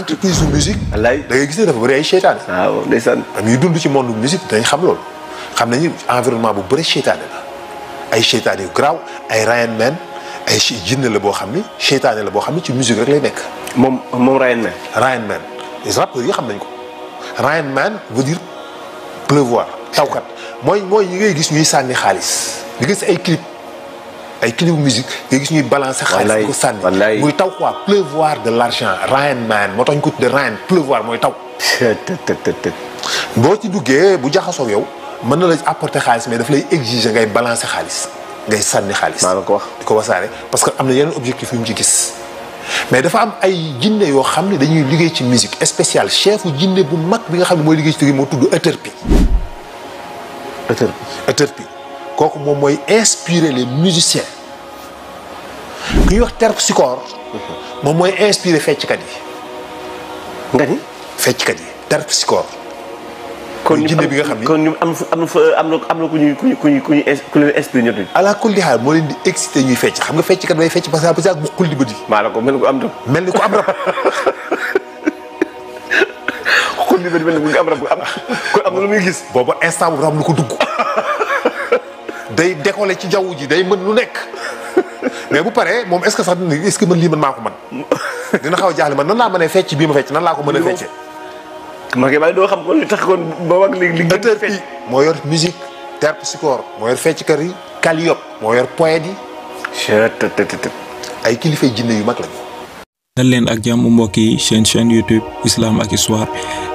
entreprise su musique. wallaay da ngay gis ne dafa bëri ay seytaane. waaw ndeysaan. ñuy dund ci monde musique dañ xam loolu xam nañu environnement bu bëri seytaane la ay seytaane yu garaaw ay Ryan Man ay jinne la boo xam ni seytaane la boo xam ni ci musique rek lay nekk. moom moom Ryan Man. Ryan Man rappeurs yi xam nañ ko Ryan Man veut dire pleuvoir tawkat mooy mooy ñi ngay gis ñuy sànni xaalis di gis ay clip. ay clip musique nga gis ñuy balancer xaalis di ko sànni muy taw quoi pleuvoir de l'argent rain man moo tax ñu ko de rain pleuvoir mooy taw boo ci duggee bu jaxasoo yow mën na la apporter xaalis mais daf lay exiger ngay balancer xaalis ngay sànni xaalis maa la ko wax di ko wasaare parce que amener un yeneen objectif une mu ci gis mais dafa am ay jinne yo xamné dañuy liggéey ci musique spécial chef, jinne bu mak bi nga xamné moy liggéey ci tigi moo tudd Euterpe Euterpe Euterpe kooku moom inspirer les musiciens ku ñuy wax terpsichore. moom mooy inspiré fecckat yi. nga ni. fecckat yi terpsichore. kon ñu jinne bi nga xam ni kon am am am na am na ku ñuy ku ñuy ku ñuy ku ñuy ku leen inspiré ñoom. ala kulli xaal moo leen di excité ñuy fecc xam nga fecckat day fecc parce que parce que bu xul di bëri. maanaam ko mel ni am rab. mel ni ko am rab. xul di bëri mel ni ku am rab ku am ku lu muy gis. boobu instant boobu dafa lu ko dugg. day décoller ci jaww ji day mën lu nekk. mais bu paree moom est-ce que sax est-ce que man lii man maa ko man dina xaw a jaaxle man nan laa mënee fecc bi ma fecc nan laa ko mën a xam kon li moo yor musique terpsichore moo yor fecckat yi Calliope moo yor poète yi ay kilifay jinne yu mag lañu leen ak jàmm mbokki yi seen chaîne YouTube islam ak histoire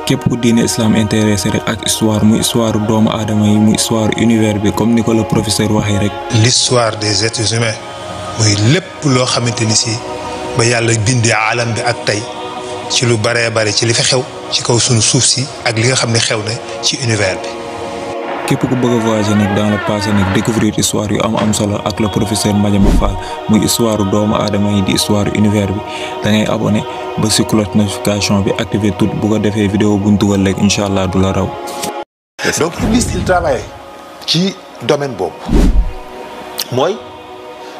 képp ku diine islam intéressé rek ak histoire mu histoire doomu aadama yi mu histoire univers bi comme ni ko le professeur waxee rek l'histoire des êtres humains mooy lépp loo xamante ni si ba yàlla bindee alam bi ak tey ci lu baree bare ci li fa xew ci kaw sunu suuf si ak li nga xam ne xew na ci univers bi. képp ku bëgg a voyager nag dans le passé nag découvrir histoire yu am am solo ak le professeur Madiama Fall muy histoire doomu aadama yi di histoire univers bi da ngay abonné ba si cloche notification bi activer tout bu ko defee vidéo bu ñu dugal rek allah du la raw. donc Ulysse il travaille ci domaine boobu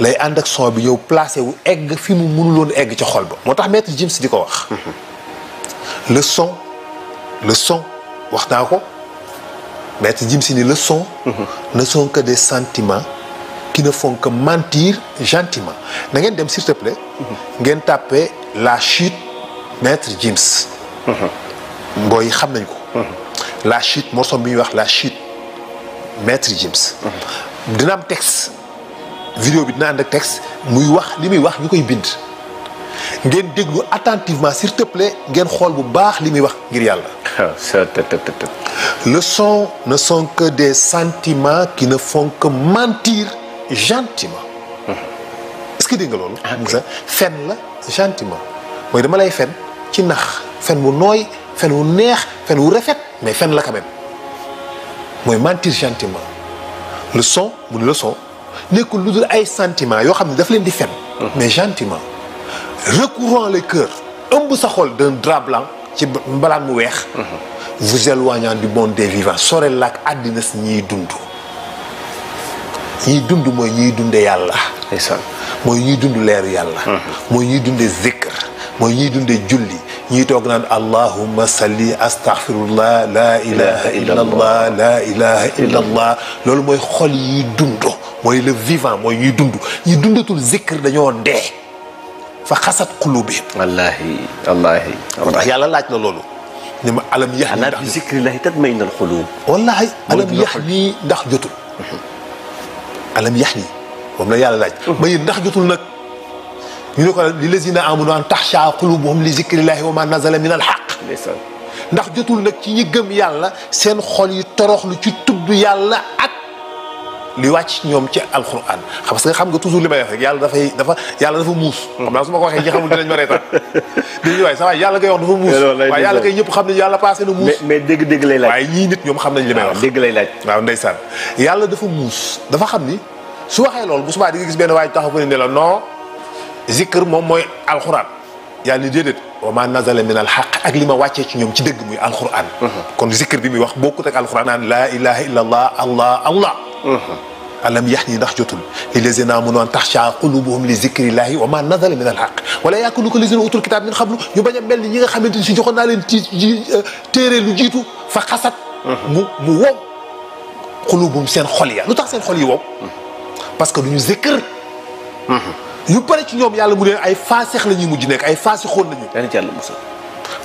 lay ànd ak son bi placé wu egg fi mu mënuloon egg ci xol ba moo maître Jims. diko wax le son le son wax ko maître jims ni le son ne sont que des sentiments qui ne font que mentir gentiment na ngeen dem s'il te plaît ngeen tapé la chute maître jims boy xam nañ ko la chute morceau bi wax la chute maître jims dina am texte vidéo bi dina ànd ak texte muy wax limi wax ñu koy bind ngeen déglu attentivement s'il te plaît ngeen xol bu baax limi wax ngir yalla le son ne sont que des sentiments qui ne font que mentir gentiment est-ce que dinga lolu musa ah, Moussa fen la gentiment moy dama lay fen ci nax fen wu noy fen wu neex fen wu refet mais fen la quand même moy mentir gentiment le son mu le son nekkul lu ay sentiment yo xamni daf leen di fen mais gentiment recourant le cœur ëmb sa xol d'un drap blanc ci mbalam mu weex vous éloignant du monde des vivants sore lak adina si ñiy dund ñiy dund ñi dundé yalla yàlla moy ñi dund leeru yalla moy hum. ñi dundé zikr moy ñi dundé julli ñi toog naan allahumma salli astaghfirullah la ilaha illa allah la ilaha illa allah loolu moy xol yi dundo moy le vivant moy ñuy dund ñi dundatul zikr dañoo dé fa khasat qulubi wallahi wallahi moo yàlla laaj na lolu ni ma alam yax ndax bi zikrillahi tatmain al qulub wallahi alam yahni ndax jotul alam yahni mom la yàlla laaj ma yi ndax jotul nak ñu ko li lazina amanu an tahsha qulubuhum li zikr lahi wa ma nazala min al haq ndax jotul nak ci ñi gëm yàlla seen xol yi toroxlu ci tuddu yàlla ak li wàcc ñoom ci alquran parce que xam nga toujours li may yàlla dafay dafa yàlla dafa muus xam naa su ma ko waxee ñi xamul dinañ ma reetaan dañuy waay sa waay yàlla ngay wax dafa muus waaye yàlla kay ñëpp xam nañ muus xam nañ li may wax dégg yàlla dafa muus dafa xam ni su waxee loolu bu subaa di nga gis benn waay taxaw fa ne la non zikr moom mooy alquran yàlla ni déedéet wa ma nazala min alxaq ak li ma wàccee ci ñoom ci dëgg muy alquran uh-huh. kon zikr bi muy wax bokkut ak alquran naan laa ilaha illa allah ألم يحني ندخ جتل الذين آمنوا أن تخشع قلوبهم لذكر الله وما نزل من الحق ولا يأكلوا كل الذين أوتوا الكتاب من قبل يبان بل نيغا خامت سي جوخنا لين آه، تيري لو جيتو فخسات مو وو قلوبهم سين خوليا لو تخ سين خولي وو باسكو دونو ذكر يو بري سي نيوم يالا مودين اي فاسخ لا ني مودي نيك اي فاسخون لا ني دا نتي يالا موسى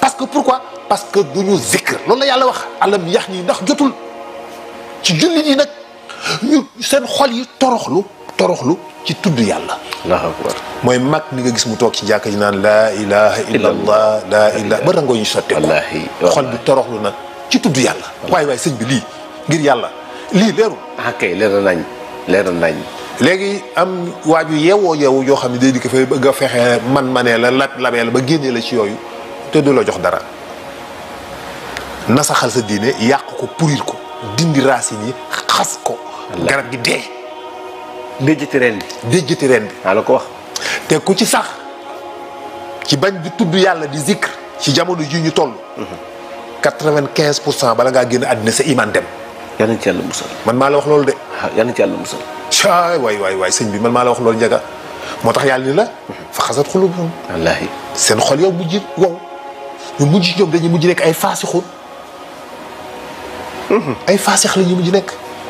باسكو بوركوا باسكو دونو ذكر لولا يالا واخ ألم يحني ندخ جتل سي جولي ني نك seen xol yi toroxlu toroxlu ci tudd yàlla mooy mag mi nga gis mu toog ci jàkk ji naan laa ilaha illa ba rangoo ñu sotte ko xol bi toroxlu nag ci tudd yàlla waaye waay sëñ bi lii ngir yàlla lii leerul ok ah, leer nañ leer léegi am waaju yeewoo yeewu yoo xam ne day di ko fay bëgg a fexe man manee la la labee la ba génnee la ci yooyu te du la jox dara nasaxal sa diine yàq ko purir ko dindi racine yi xas ko garab gi dee. déjjati reen bi déjjati ren bi. waaw la ko wax. te ku ci sax ci bañ bi tudd yàlla di zikr ci jamono ji ñu toll. Mhm. quatre-vingt-quinze pour cent bala ngaa génn àddina sa iman dem. yal na ci yàlla musal. man maa la wax loolu de. waaw ah, yal na ci yàlla musal. saa waay waay waay sëñ bi man maa la wax loolu njaga moo tax yàlla ni la. Mhm. fa xasat xulubuhum. wallaahi seen xol yow mujj wow. ñu mujj ñoom dañuy mujj nekk ay faasixoon. Mhm. ay faasix la ñu mujj nekk.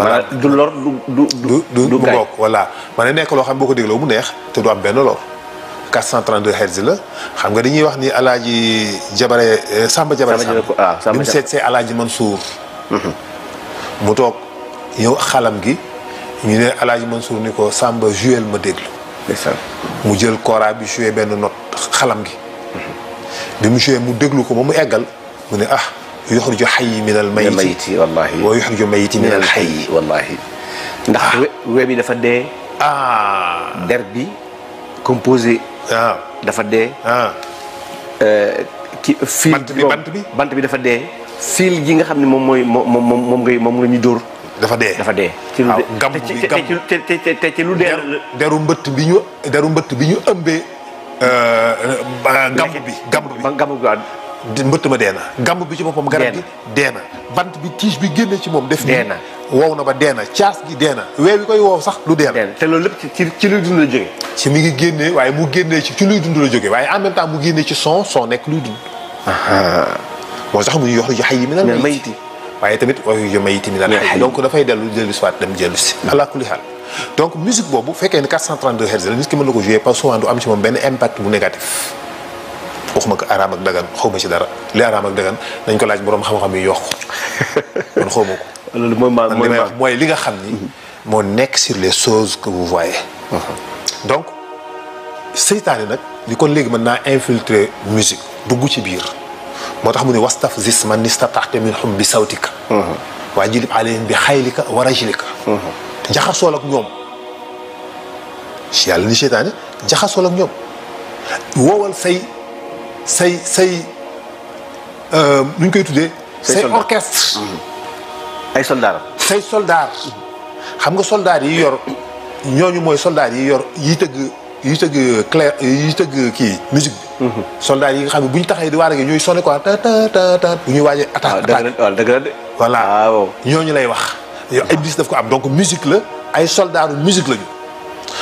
voilà du lor du du du. du gaañ voilà. ma ne nekk loo xam boo ko dégloo mu neex te du am benn lor 432 hertz la xam nga dañuy wax ni alaaji jabare euh, Samba Jabare. Samba ah, Samba seet see alaaji Mansour. Mhm. mu toog yow xalam gi ñu ne alaaji Mansour ni Samba juel ma mu jël kora bi joué benn note xalam gi. Mhm. bi mu joué mu déglu ko ba mu eggal mu ne ah. يخرج حي من الميت, الميت والله ويخرج ميت من, من الحي والله ندخ ويبي دا فا دي اه دربي كومبوزي اه دا فا دي اه كي فيل بانت بي بانت بي بانت بي دا فا دي فيل جيغا خا نيم موي موم موم غي موم غني دور دا فا دي دا فا دي تي لو غام تي تي تي تي لو دير ديرو مبت بي نيو ديرو مبت بي نيو امبي ا غامبي غامبي غامبي mbëtt ma dee na gàmb bi ci boppam garab gi dee na bant bi tiige bi génne ci moom def dee na wow na ba dee na caas gi dee na wee wi koy wow sax lu dee na te loolu lépp ci ci luy dund la jógee ci mi ngi génnee waaye mu génnee ci ci luy dund la jógee waaye en même temps mu génnee ci son son nekk luy dund moo sax mu yox lu ji xay mayiti waaye tamit wayu yu mayiti mi naan donc dafay dellu dellu si waat dem dellu si hmm. ala kulli xaal donc musique boobu fekkee ne 432 hertz la nit ki mën na jouer parce souvent du am ci moom benn impact bu négatif waxuma ko araam ak dagan xaw ma ci dara li araam ak dagan nañ ko laaj borom xam-xam yi yokk man xaw ko. loolu mooy ma li may mooy li nga xam ni. Mhm. moo nekk sur les choses que vous voyez. Mhm. donc seytaane nag li kon léegi mën naa infiltrer musique dugg ci biir moo tax mu ne wastaf zis man istata'ta minhum bi sawtika mhm. jilib alayhim bi xaylika wa rajlika jaxasool ak ñoom si yàlla ni seytaane jaxasool ak ñoom wowal say say say euh, nu ñu koy tuddee. say orchestre. Mm-hmm. ay soldats say soldats. xam nga soldaar yi yor ñooñu mooy soldats yi yor yi tëgg yi tëgg clair yi tëgg kii musique bi. Mm-hmm. yi nga xam ne bu ñu taxee di waar gi ñooy sonné quoi bu ñuy waajee attaque ah, attaque waaw dëgg la de. voilà ah, ñooñu lay wax. yow ay bis ko am donc musique la ay soldats musique lañu.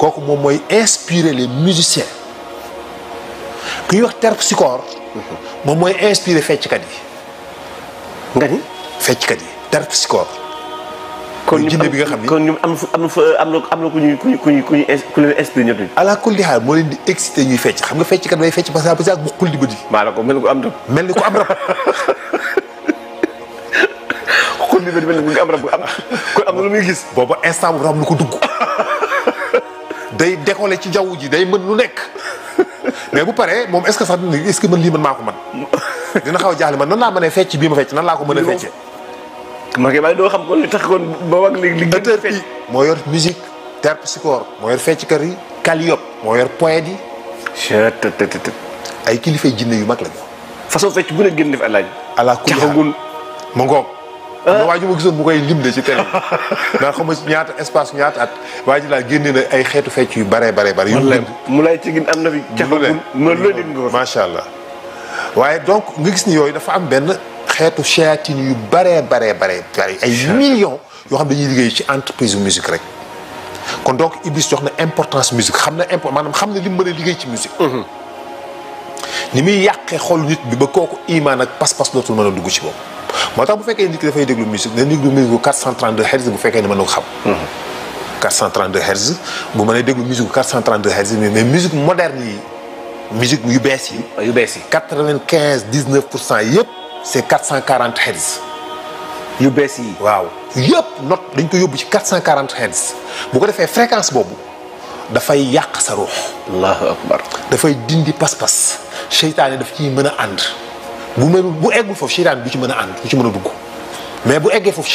Je suis moy inspirer les musiciens kuy wax terpsichore mom suis inspirer par yi. nga ni kat yi terpsichore. kon ñu Je am am am ku ñuy ku ñuy ku ku leen inspiré par ala Je suis di excité ñuy fecc xam nga par les fecc parce que bu di suis inspiré mel ko am par mel ko am inspiré par di mel ko am lu muy gis. instant day décoller ci jaww ji day mën lu nekk mais bu paree moom est-ce que sax est-ce que mën lii mën maa ko mën dina xaw a jaaxle man nan laa mënee fecc bii ma fecc nan laa ko mën a feccee ma ngi xam kon li tax kon ba wax li auteur bi moo yor musique terpsichore moo yor fecckat yi calliope moo yor poète yi ay kilifay jinne yu mag lañ façon fecc bu ne gën def alaaj ala kulli xaal waa ji ma gisoon mu koy lim de ci télé ndax xam nga at waa laa génne na ay xeetu fecc yu bare bare bare mu lay ci gin am na fi caxagul ma la lim macha allah waaye donc nga gis ni yooyu dafa am benn xeetu chéatine yu bare bare bare bare ay millions yoo xam ñuy liggéey ci entreprise musique rek kon donc Iblis jox na important musique xam na import maanaam xam na li mu mën liggéey ci musique mhm. ni muy yàqee xol nit bi ba kooku imaan ak pas-pas dootul mën a dugg ci boobu moo vous bu fekkee nit ki dafay déglu musique na déglu musique 432 hertz vous faites ne mën 432 hertz bu faites déglu musique 432 hertz mais la musique moderne la musique yu yi. 95 ah, 19 c'est c'est 440 hertz. yu Wow. yi. waaw note dañ ko 440 hertz bu ko defee fréquence Il faut yak sa roh. allahu akbar faire dindi pas-pas seytaane daf ciy mën a bu bu eggul du ci mën a ci mën a mais bu eggee daf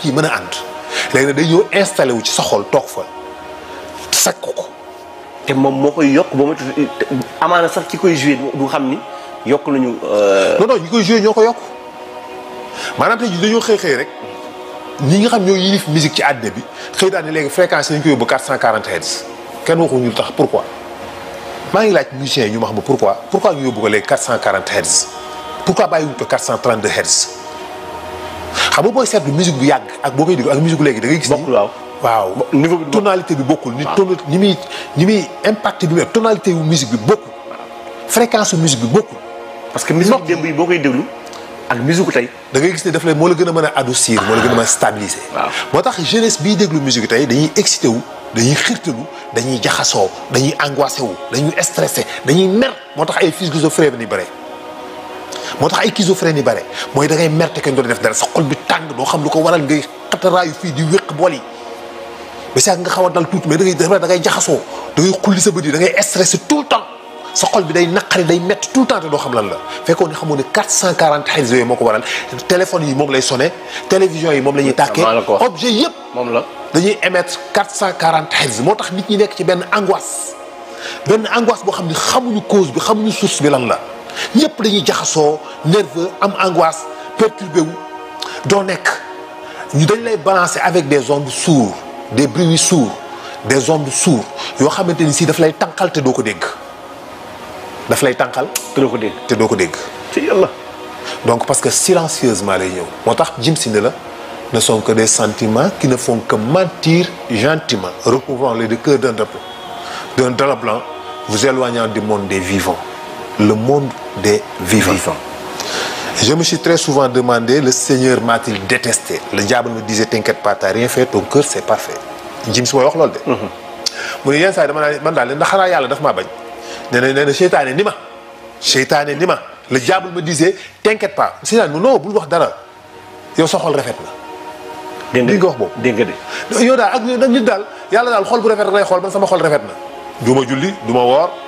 ciy mën a ànd léegi installé wu ci fa sakk ko. te moom moo koy yokk ba sax ci koy joué du xam ni yokk nañu. Euh, non non ñi koy joué ñoo ko yokk maanaam tey dañoo rek ñi nga xam ñoo yilif musique ci bi xëy daal ne fréquence 440 hertz tax pourquoi maa ngi laaj musiciens ñu ma pourquoi pourquoi ñu yóbbu 440 hertz pourquoi bàyyiwuñ ko 432 hertz xam nga booy seetlu musique bu yàgg ak boo koy ak musique léegi da ngay gis. bokkul waaw waaw niveau bi tonalité bi bokkul. ni ah. ton ni muy ni muy impact bi mu tonalité wu musique bi bokkul. fréquence wu musique bi bokkul. parce que musique démb yi boo koy ak musique tay da ngay gis ne daf lay mo la gëna mëna adoucir mo la gëna mëna ah. stabiliser. waaw moo jeunesse bi déglu musique tay dañuy excité wu dañuy wu dañuy jaxaso dañuy angoissé wu dañuy stressé dañuy mer motax ay fils de frère ni bare motax ay schizophrène yi bare mooy da ngay merte ke ndo def dara sa xol bi tang do xam lu ko waral ngay yu fi di wéq boli yi ba saa nga xawa dal tout mais da ngay da ngay jaxaso da ngay xulli sa bët da ngay stressé tout temps sa xol bi day nakari day metti tout temps do xam lan la fekkoon ne xamoo 440 hertz yooyu moo ko waral téléphone yi mom lay sonné télévision yi mom la ñuy tàkkee objet yëpp mom la dañuy émettre 440 hertz motax nit ñi nek ci ben angoisse ben angoisse bo xamni ne xamuñu cause bi xamuñu source bi lan la ñepp dañuy jaxaso nerveux am angoisse perturbé wu do nek ñu dañ lay balancer avec des ondes sourdes des bruits sourds des ondes sourdes yo xamanteni que si daf lay tànqal te doo ko dégg daf lay tankal te doo ko dégg te doo ko ci donc parce que silencieusement lay gens... motax Jim ne sont que des sentiments qui ne font que mentir gentiment recouvrant les deux cœurs d'un drapeau... d'un drapeau blanc vous éloignant du monde des vivants le monde des vivants. Je me suis très souvent demandé, le Seigneur m'a-t-il détesté Le diable me disait, t'inquiète pas, t'as rien fait, ton cœur c'est parfait. fait me suis ne sais pas le diable me disait t'inquiète pas dit, non bul wax dara suis dit, je me de. Je me ak dit, je daal yàlla je bu suis dit, je me sama xol Je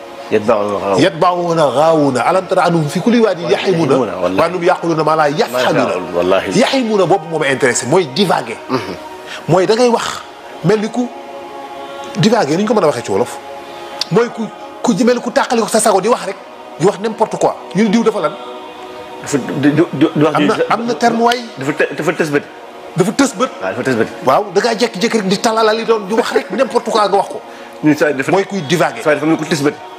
يتبعون غاوون يتبعون غاوون ألم تر أنهم في كل وادي يحيمون وأنهم يقولون ما لا يفعلون والله يحيمون بوب موم انتريسي موي divaguer mooy da ngay wax mel ni ku divaguer ni ñu ko mën a waxee ci wolof mooy ku ku mel ni ku tàqali ko sa sago di wax rek di wax n'importe quoi ñu diw dafa lan dafa am na am na terme waay dafa dafa tës bët dafa tës bët waaw dafa tës bët waaw da ngaa jékki-jékki rek di talalali doon di wax rek n'importe quoi nga wax ko mooy kuy divaguer dafa mel ni ku tës bët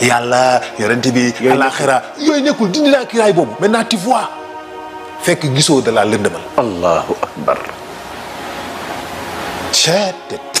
yàlla yorenti bi. alaxira yooyu nekkul dindi naa kiraay boobu maintenant tu vois fekk gisoo da laa lëndëmal. allahu akbar. ceet.